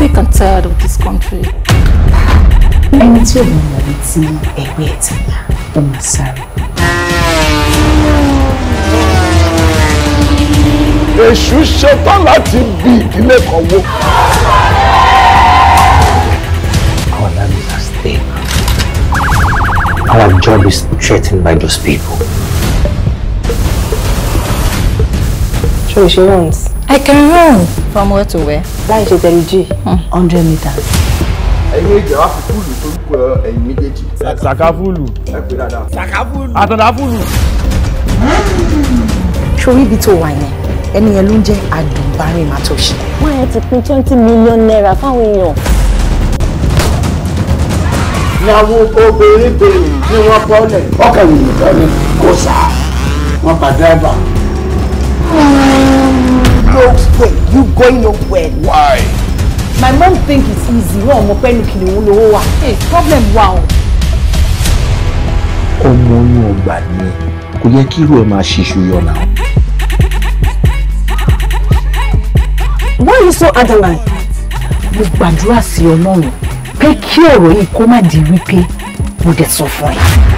sick and tired of this country. ẹni tí òun mọ̀ ní tí ẹgbẹ́ ẹ̀ ti yá ó máa sáré. èṣù ṣetán láti bí ìdílé kan wó. Our land is at stake. Our job is threatened by those people. Sure, she wants. I can run. From where to where? Láì ṣe tẹ̀lé jí, hmm. hundred meters. Ẹyin méjì wá fi fúlù tó kọ ẹyin méjèèjì. Sàkáfúlù. Ẹ pè dáadáa. Sàkáfúlù. Àtàndáfúlù. Ṣorí ibi tó wà yẹn, ẹni yẹn ló ń jẹ́ Àdùnbárìn Màtòṣì. Wọ́n yẹn ti pín twenty million naira fáwọn èèyàn. Ìyàwó obìnrin bèrè ni wọ́n bọ́lẹ̀. Ọkàn ìyìnbọn ni kò sá. Wọ́n pa dáìbà no way you going nowhere. why. my mom think it's easy wọn ọmọ pẹ́ẹ́nù kìnìún lówó wa hey problem wa Oh ọmọ inú ọgbà ni kò yẹ kí irú ẹ máa ṣiṣu yọ náà. why you so adamant. mo gbàdúrà sí ọlọ́run pé kí ọ̀rọ̀ yìí Come má di wípé mo dẹ̀ sọ fún ẹ.